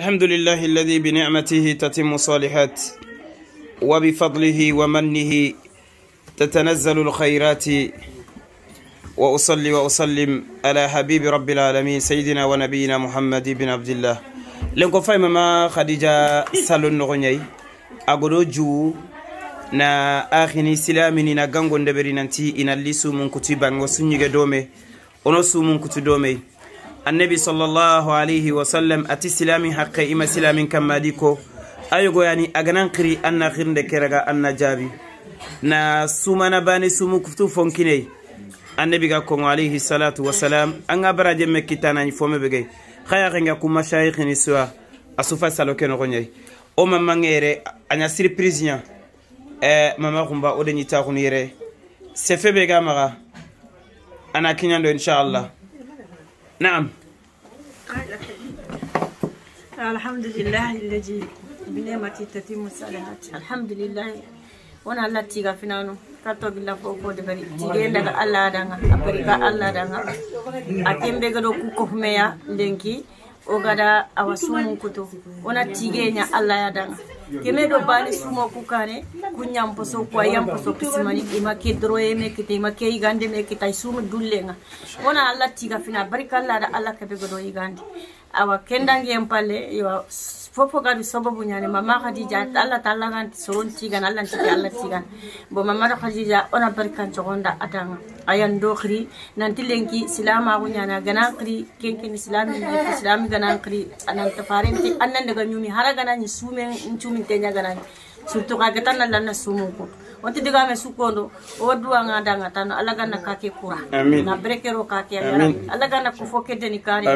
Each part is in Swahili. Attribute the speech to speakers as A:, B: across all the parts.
A: الحمد لله الذي بنعمته تتم الصالحات وبفضله ومنه تتنزل الخيرات وأصلي وأسلم على حبيب رب العالمين سيدنا ونبينا محمد بن عبد الله lenko fay mama khadija salon nogo ñayi agodo ju na akhini silamini na gango ndeɓeri nanti ina li sumun kutu bango suñige dome ono sumun kutu domey النبي صلى الله عليه وسلم أتي سلامي حقا إما سلامي كما ديكو أيغو يعني أغنان قري أنا خرن دكرغا أنا جابي نا سومانا باني سومو كفتو فنكيني النبي قا كونو عليه الصلاة والسلام أنا برا جمع كتانا نفومي بغي خايا غنغا كو مشايخ نسوا أسوفا سالوكي نغني أو ماما نيري أنا سيربريزيا أه، ماما غنبا أودي نتاغو نيري سيفي بغا مغا أنا كنان دو إن شاء الله نعم
B: الحمد لله الذي wani Allah tiga finano tatto billa fofo de bari tige daga Allah danga afrika Allah danga atembe gado ku ko meya denki o gada awasumu kuto ona Allah ya danga kene do bani sumo ku kane ku nyam poso ku ayam poso ku simani ki ma ke dro e me ki te ma ke i gande me ki tai sumo dulle nga ona alla tiga fina barika alla da alla ke be godo i gande awa kendangiyen palle yo fofo gadu sababu bunyane mama khadija allah taala gan soron tigan allah tiki allah tigan bo mama do khadija ona barkan cogonda atanga ayan do khri nanti lengki, silama bunyana nyana gana khri kenken silami ni silami gana khri anan tafarenti anan daga nyumi hara gana ni sume ñumi tenya gana surtout ka gatan na lana sumu ko wonti diga me sukondo o duwa nga danga tan alaga na kake kura na brekero kake ya alaga na ko fokke deni kare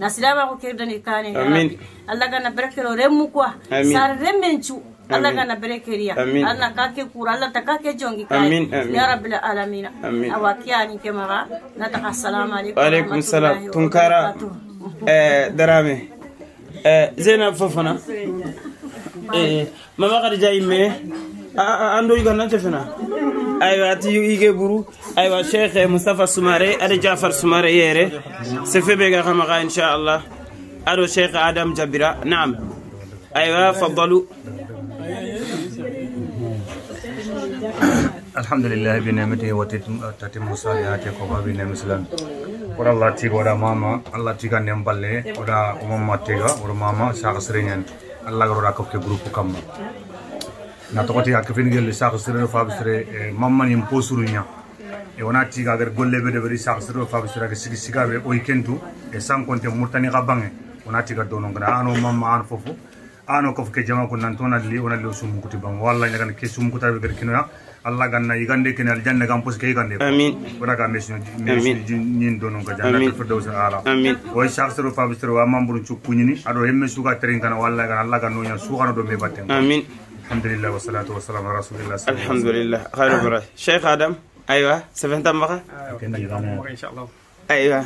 B: nasilama ko kirdani kane amin allah gana berkero remmu quoi sara remmencu allah gana berekeriya allah kake kura allah ta kake jongi kane ya rabbil alamin awa kiyani kemara nata assalamu alaikum alaikum
A: salam tunkara eh darame eh zena fofana eh mama khadija imme ah, ah, ando yuga nan tefena aywa ati yuge buru ايوا شيخ مصطفى السماري ادي جعفر السماري يري سيفي بيغا خمغا ان شاء الله ادو شيخ ادم جبيرة نعم ايوا فضلوا
C: الحمد لله بنعمته وتتم صالحاته كما بنعم الاسلام ورا الله تيغا ورا ماما الله تيغا نمبالي ورا أمم ماما تيغا ورا ماما شخص شاغسرين الله ورا كوكي جروب كما na tɔgɔ tɛ a kɛfɛn kɛ le saga ماما fa bɛ وناتي غير قول لي بدي بري ساخسرو فابسرا كسيكي سيكا بي ويكندو إسان كنت مرتني غبانه وناتي غير دونو غنا أنا ماما أنا فوفو أنا كوف كجماعة كنا نتونا اللي ونا اللي وسوم كتبان والله إذا كان كسوم كتاب غير كنوا الله كنا يغندي كنا الجنة كان بوس كي يغندي آمين ونا كان ميسون ميسون جين دونو كجانا آمين فردوس على آمين وي ساخسرو فابسرو أمام برو شو كونيني أدو هم سوكا ترين كنا والله كان الله كان نويا سوكا ندو مي باتن آمين الحمد لله والصلاة والسلام على رسول الله الحمد لله خير برا شيخ آدم ايوه سمعت مره؟ ايوه
A: ان شاء الله ايوه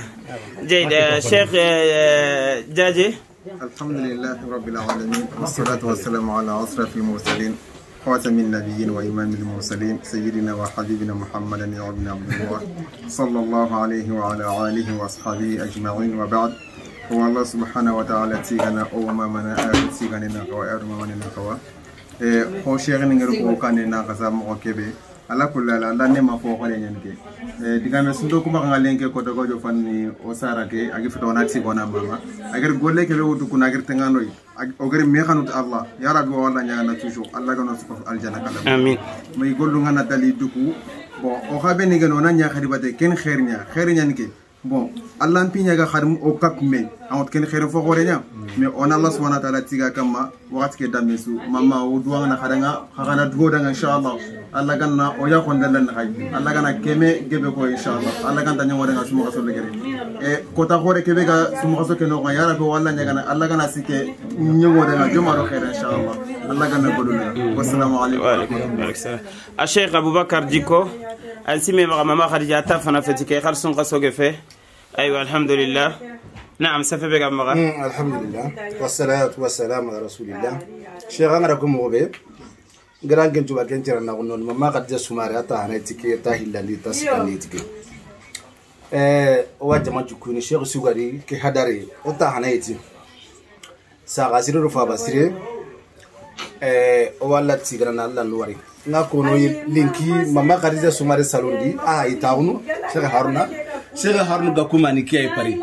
A: جيد آه، شيخ آه، جاجي الحمد
D: لله رب العالمين والصلاة والسلام على أشرف المرسلين خاتم النبيين وإمام المرسلين سيدنا وحبيبنا محمد بن عبد الله صلى الله عليه وعلى آله وأصحابه أجمعين وبعد هو الله سبحانه وتعالى تيغانا أوما منا آل تيغانا نغوى أرما منا نغوى إيه، هو شيخ نغير قوكا نغزا مغوكبه ala kullala anda nema fo xole ñen ke e, digame sundo kuma xanga len ke koto gojo fanni o sara ke agi fito ona tsi gona mama agir golle ke be wutu kuna agir tengano ogir me xanut allah ya rabbi wa wala ñagana toujours allah gano suko aljana kala amin may gollu ngana dali duku bon o xabe ni gano na ñaxari bate ken xeer ña xeer ñan ke bon allah n piñaga xadim o kap me a ŋot ken xere fo xooreña mais on allah subhana taala tiga kam ma waxati ke dame su mama o duwangana xadanga xaxana dugodanga inchallah allah ganna o yaxondalan xay allah gana keme gebe ko inchallah allah ganta ñogorenga sumaxa solegere e kota xoore kebe ga sumaxa so ke noxonga yarabe o allah ñagana allah gana sike ñogorenga jomaro xeere inchallah allah ganna golunega wasalamu aleykum
A: a cheikh aboubacar diko a simemaxa mama xadija ta fana feti ke xar sunxa soge fe أيوة الحمد لله نعم سافي بك أبو
C: الحمد لله والصلاة والسلام على رسول الله شيخ أنا راكم مغبي قران كنت وكان ترى نغنون ما قد سماري أتا هنا تكي أتا هلاندي تسكني تكي آه، واجه ما تكوني شيخ سوغري كي هداري أتا هنا يتي ساغاسيري رفا باسيري wala tigirana laluwari nga kono ما قد kadija sumare salondi اه يتاونو shekh هارونا sega harnu gaku mani kia ipari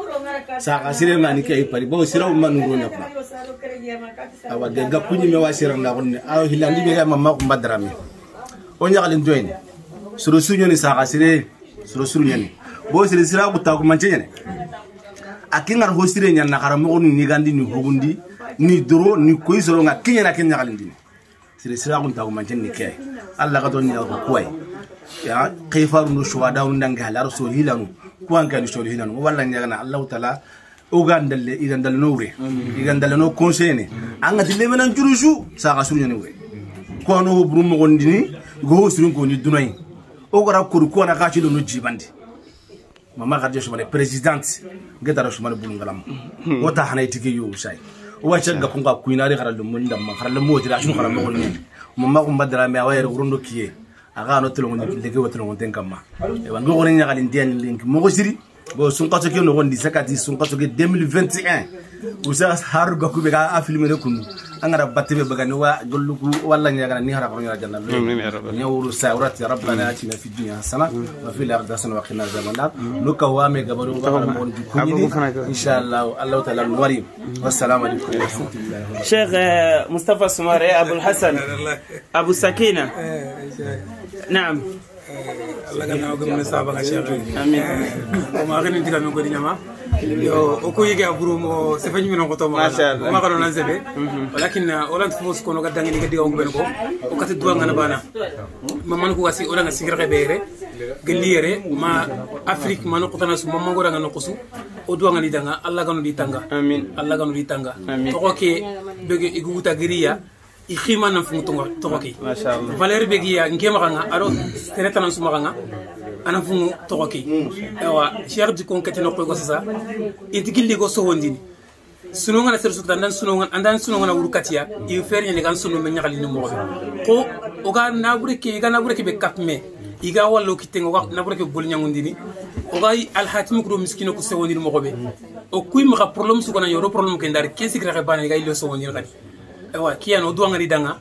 C: saka sire mani kia ipari bo sira umma nuru na kwa
B: awa de gaku
C: ni mewa sira na kunni awa hilandi bega mamma kumba drame onya kalin join suru sunyo ni saka sire suru suru nyani bo sire sira ku ta ku manche nyani akingar ho sire nyani na karamo ni nigandi ni hugundi ni duro ni koisoro nga kinya na kinya kalin dini sire sira ku ta ku manche ni kia Allah ka to ni ko kuai ya kayfaru no shuwada undan ga halar so hilanu kuwankani sorihinano walla ñagana allahu taala ogandalle igandalleno wure igandalleno conseillene angatille menan curusu saka suruñani wure kuwano ho buru mogondini goho surun koni dunayi ogara kori kuwana kaci lono jibandi mama kadja sumane présidente ngetara sumane bulungalama wota hanayi tigi yo say wacha ga kunga kuinari kara lumunda ma kara lumotira sunu kara mogonni mama kumba dara me awayere urundo kiye أغانو تلوندي لقيو تلوندي كمما وانغورين يا غالينديان لينك موجودي بو سونتاتو كي نوندي سكاتي سونتاتو كي 2021 وسا هارو غاكو بيغا افيلمي نكون انغرا باتي بي بغا نوا غلوكو والله ني غانا ني هرغ نيو جنان نيورو ساورات يا ربنا اتينا في الدنيا حسنه وفي الارض حسنه وقنا عذاب النار لوكا وامي غبرو غبرو دي ان شاء الله الله تعالى نوري والسلام عليكم
A: ورحمه الله شيخ مصطفى سماري ابو الحسن ابو سكينه
E: naam allah gannawo gam saba ga cheikh amin o ma xeni tiga men ko diñama yo o ko yige a burum o sefeñ mino ko toma ma ko non sebe walakin o lan fos ko no ga dangi ga diga ngben ko o kati duwa ngana bana ma man ko wasi o lan sigira ke bere geliyere ma afrique ma no ko tanasu ma mango nga no kusu o duwa ngani danga allah ganu di tanga amin allah ganu di tanga to ko ke bege iguta giriya ikhima nan fungu tonga togo ke valeur be giya ngema kanga aro sereta nan suma kanga ana fungu togo ke ewa cheikh du kon keteno ko sasa itigilli go so wondini sunonga na ser sukta ndan sunonga andan sunonga na urukatiya i fer nyane kan sunu men nyagali ni mo ko oga nabure ke ga nabure ke be kapme iga wallo kitengo ga nabure ke bol nyangundini oga al hatim ko miskino ko sewonir mo be o kuy ma problème su ko na yoro problème ke ndar kesi kra ke bana ga ilo sewonir kadi ewa kiya no duwa ngari danga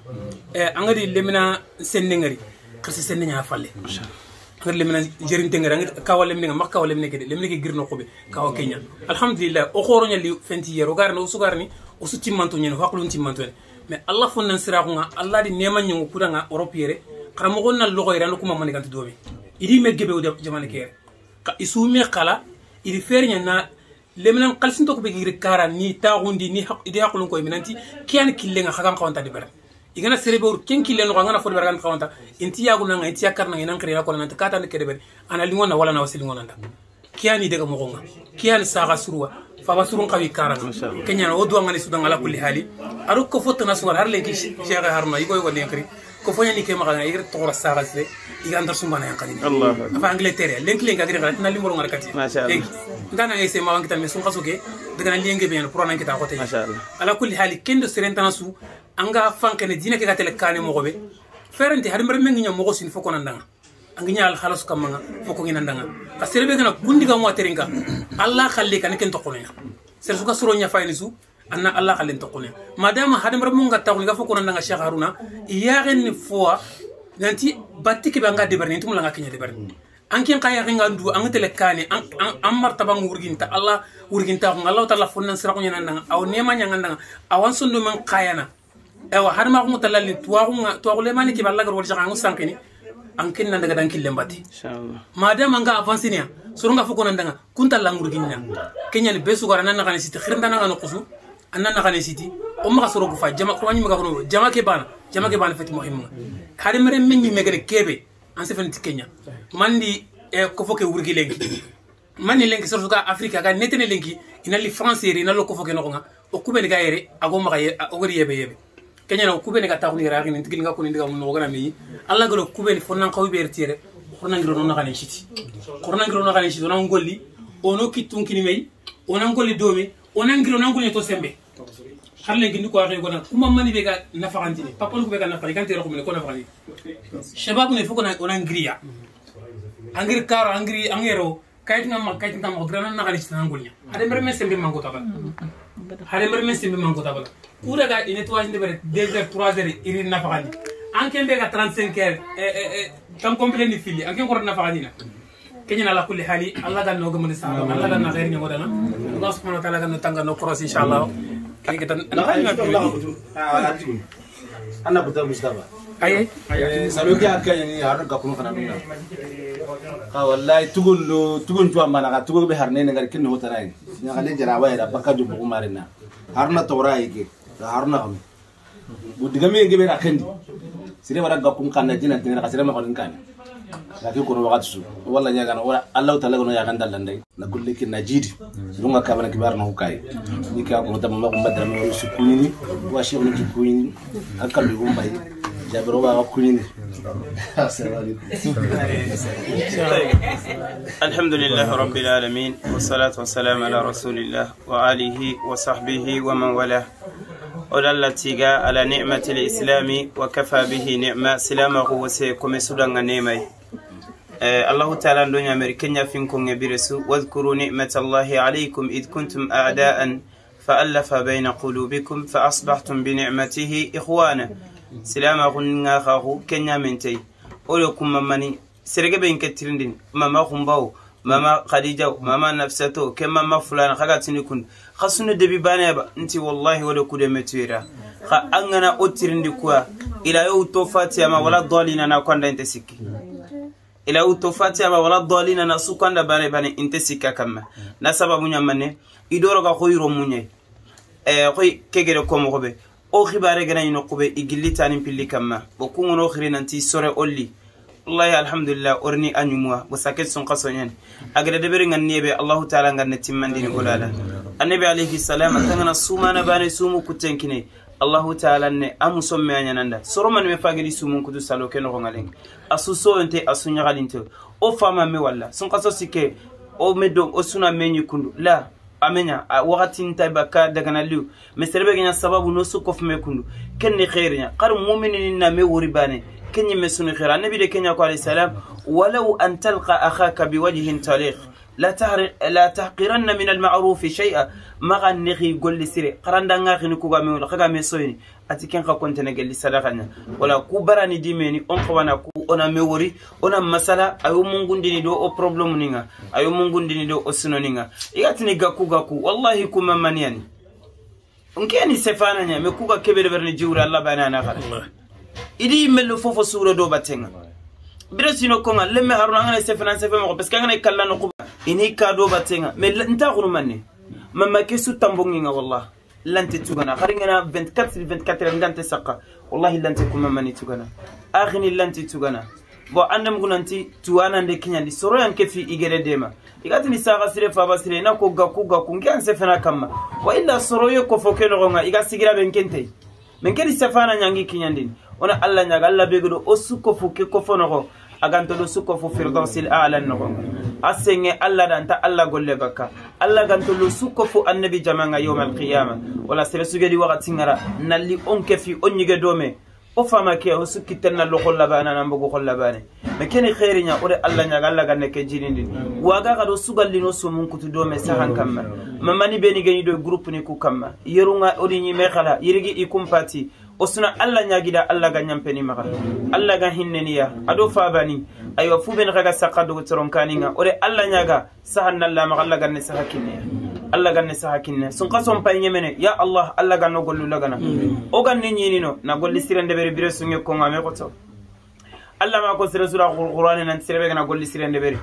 E: e angari lemina senne ngari kasi senne nya falle ngari lemina jerin tengari ngari kawa lemina ngam kawa lemina kede lemina ke girno kobe kawa kenya alhamdulillah o khoro nya li fenti yero no o ni o su timmanto nya no timanto timmanto mais allah fonnan sira ko nga allah di neman nyu kura nga europe yere karamo na logo yere no kuma man gantu dobe idi me gebe o jamane ke ka me kala idi fer nya na leminan kalsin to ko be kara ni taxundi ni haq ide haqulun koy minanti kiyan killenga xagan xawanta di bera igana serebeur ken killen no ngana fodi beragan xawanta inti yagulanga inti yakkarnanga inan xirena kona nanta katandi kede bere ana lingona wala na wasilingonanta kiyani dega mogonga kiyani saxa surwa faba surun xawi karanga keñana wo duwangani sudanga la kulli hali aru ko fotana sungal har lenki cheikh haruna igoygo nenkri ko fo ke kema kana ir togora saga sile iga andar sumba na yankani Allah afa angleterre lenki lenga gire gati nali moro ngarkati masha Allah ndana ese ma wankita me sun kasuke daga nan lenge be yana qur'an kita ko tay ala kulli hali kendo serentana su anga fankene dina ke gatel kane mo gobe ferenti mbar mengi nyam mo sin fo konan danga angi nyaal khalas kam nga fo ko ngina danga ka serbe kana gundi ga mo teringa Allah khalle kan ken to konya ser suka suro su anna allah khalen taqune madama hadam ramu nga taqune ga fokona nga cheikh haruna yaren ni fois nanti batti banga debarni tum la nga kinya debarni an kin kaya ringa ndu an tele kane an an allah urginta ko allah taala funnan sira ko nyanan aw nema nyanan nan awan sundu man kaya ewa har ma talali tuwa ko mani ke balla gar wal jangu sankini an kin nan daga dan killen bati madam surunga fuko nan kunta langurginna kenya ni besu garana nan kan siti khirnda nan kusu anna na gane siti o ma soro jama ko wani ma jama ke jama ke bana fati muhimma kare mere megere kebe an se fenti kenya mandi e eh, ko lengi mani lengi soro ka afrika ga netene lengi inali france ri nalo ko foke no nga o kubele ga yere yebe yebe kenya no kubele ga taxuni ra ni tigil nga ko ni diga mun no gana mi alla golo kubele fonan ko be ngiro no gane siti korna ngiro no gane siti no ngolli ono kitun kinimei onan golli domi onangiro nanguñe to sembe har len gindi ko waxe gona kuma mani be ga nafaxantini papal ku be ga nafari kan tere xumene ko nafaxani shababu ne fokona ya angiri kar angiri angero kayitinga ma kayitinga ma ograna na gari sinan gunya hade mer men sembe mango tabala hade mer men sembe mango tabala kura ga ine tuwa jinde bere 2 heures 3 heures iri na an ken mbega ga 35 heures eh eh, eh tan complet ni fili an ken na nafaxani na kenya na la kulli hali allah ga no gamane sa allah ga na gairi ngodana Allah subhanahu wa ta'ala akan tangga no cross insyaallah kali nah? kita
C: anak buta Mustafa aye salu kya kan yani har ga kuno kana dunna ka wallahi tugun lo tugun tuwa mana ka tugun be harne ne garkin no tarai nya kale jara wa ira bakka ju bugu marina harna tora yake da harna kam budiga me ngebe rakendi sire wara ga kun kana jina tinira ka ma kan kana لكن كنوا بقى والله نيجان ولا الله تعالى كنوا يعاقن دلنا ده نقول لك نجيد لونا كابنا كبار نو كاي نيكا كنوا تمام ما كنوا بدرنا ولا سكويني واشي من سكويني أكل بيوم باي جابروا بقى سكويني
A: الحمد لله رب العالمين والصلاة والسلام على رسول الله وآله وصحبه ومن والاه أولا التيغا على نعمة الإسلام وكفى به نعمة سلامه وسيكم سلام نعمة الله تعالى أن يعمر كنيا فينكم برسو واذكروا نعمة الله عليكم إذ كنتم أعداء فألف بين قلوبكم فأصبحتم بنعمته إخوانا سلام غنغا خاخو كنيا منتي أولكم مماني سرقة بين كترندين ماما خنباو mama khadija mama nafsato ke mama fulana khaga tini kun khasunu debi bane ba nti wallahi wala kude metuira kha angana otirindi kuwa ila yo to fatima wala dalina na kwanda inte sikki ila u to fatiha ba wala dalina na sukanda bare bane inte sikka kamma na sababu nyamane idoro ga khoyro munye e khoy kegere ko mo o khibare gana ino ko igilli tanin pilli kamma o kungono khiri nanti sore olli wallahi alhamdulillah orni anyumwa wasaket sun kasonyen agada debere ngan niebe allah taala ngan timmandini golala annabi alayhi salam tangana sumana bane sumu kutenkine allahu taala ne a muso me a ɲananda soromani me fagedi sumun kutu salo ke nɔgɔngalen a susoyonte a suɲagalinte o fama me walla sunkaso sike o me don o suna me ɲi kundu la a me ɲa a wagatin taiba ka daganaliw me serebe ke ɲa sababu no su kofu me kundu ken ni xeeri ɲa kari mumininin na me wori bane ken ɲi me suni xeera annabi de ke ɲa ko alayhi salam walaw an talqa axaka biwajihin talik لا تهر لا تحقرن من المعروف شيئا ما غنغي يقول لي سيري قران دان غي نكو غامي ولا غامي سويني ati ken ka konte ne gelli sadakanya wala ku barani dimeni on ko wana ku ona mewori ona masala ayo mungundini do o problem ninga ayo mungundini do o sino ninga igatini gaku gaku wallahi kuma maniani nkeni sefananya me kuga kebele berni jiwra allah bana na khala idi melu fofo sura do batenga bire sino konga lemme haruna ngana sefana sefema ko parce que ngana kala no ini kado batenga mais nta khunu manne mamma kesu tambongi nga wallah lante tugana kharingana 24 sur 24 heures wallahi lante kuma mani tugana akhini lante tugana bo andam gunanti tuwana nde kinyandi soro yanke fi igere dema igati ni saga sire faba sire na ko gaku gaku ngian sefana kama wa illa soro yo ko foke no nga iga sigira benkente menkeri sefana nyangi kinyandi ona alla aganto do a'la a senge allah danta allah golle ga ka allah gantollo sukko fo annabi jamanga yowma alqiyama wala sere sugedi wakati ngara nalli on kefi on ñige dome o fama ke o sukkitenna lokol labane anan bogo kol labane ma keni heriña ode allah ñaga allah ganne ke jinindi waga kado sugallino sumun kutu dome sahan kamma mamani beni geni do groupe ni ku kamma yerunga odi ñime kala yirigi i kumpati o suna allah ñagida allah ga ñampeni maga allah ga hinneniya aɗo fabani aywa fu ben xaga saqa dogotoron kaninga ore alla ñaga sahan nallamaxa alla ganne saha kinneya alla ganne saha kinne sunqa sompay ñemene ya allah alla ganno gollulla gana o ganne ñinino na golli sirendeɓeri bire sunge konga me xoto alla ma ko sere sura qur'ani nan sere gana golli sirendeɓeri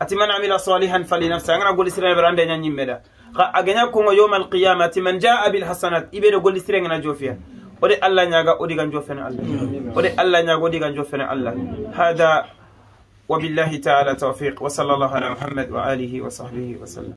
A: ati man amila salihan fali nafsi angana golli sirendeɓeri ande ña ñimmeda xa a geña kongo yowma alqiyama ati man jaa bilhasanat iɓeɗo golli sirengena jofiya ode allah ñaga o digan jo fene allah ode allah ñaga o digan jo fene allah hada wa billahi taala tawfiq wa sallallahu ala muhammad wa alihi wa sahbihi wa sallam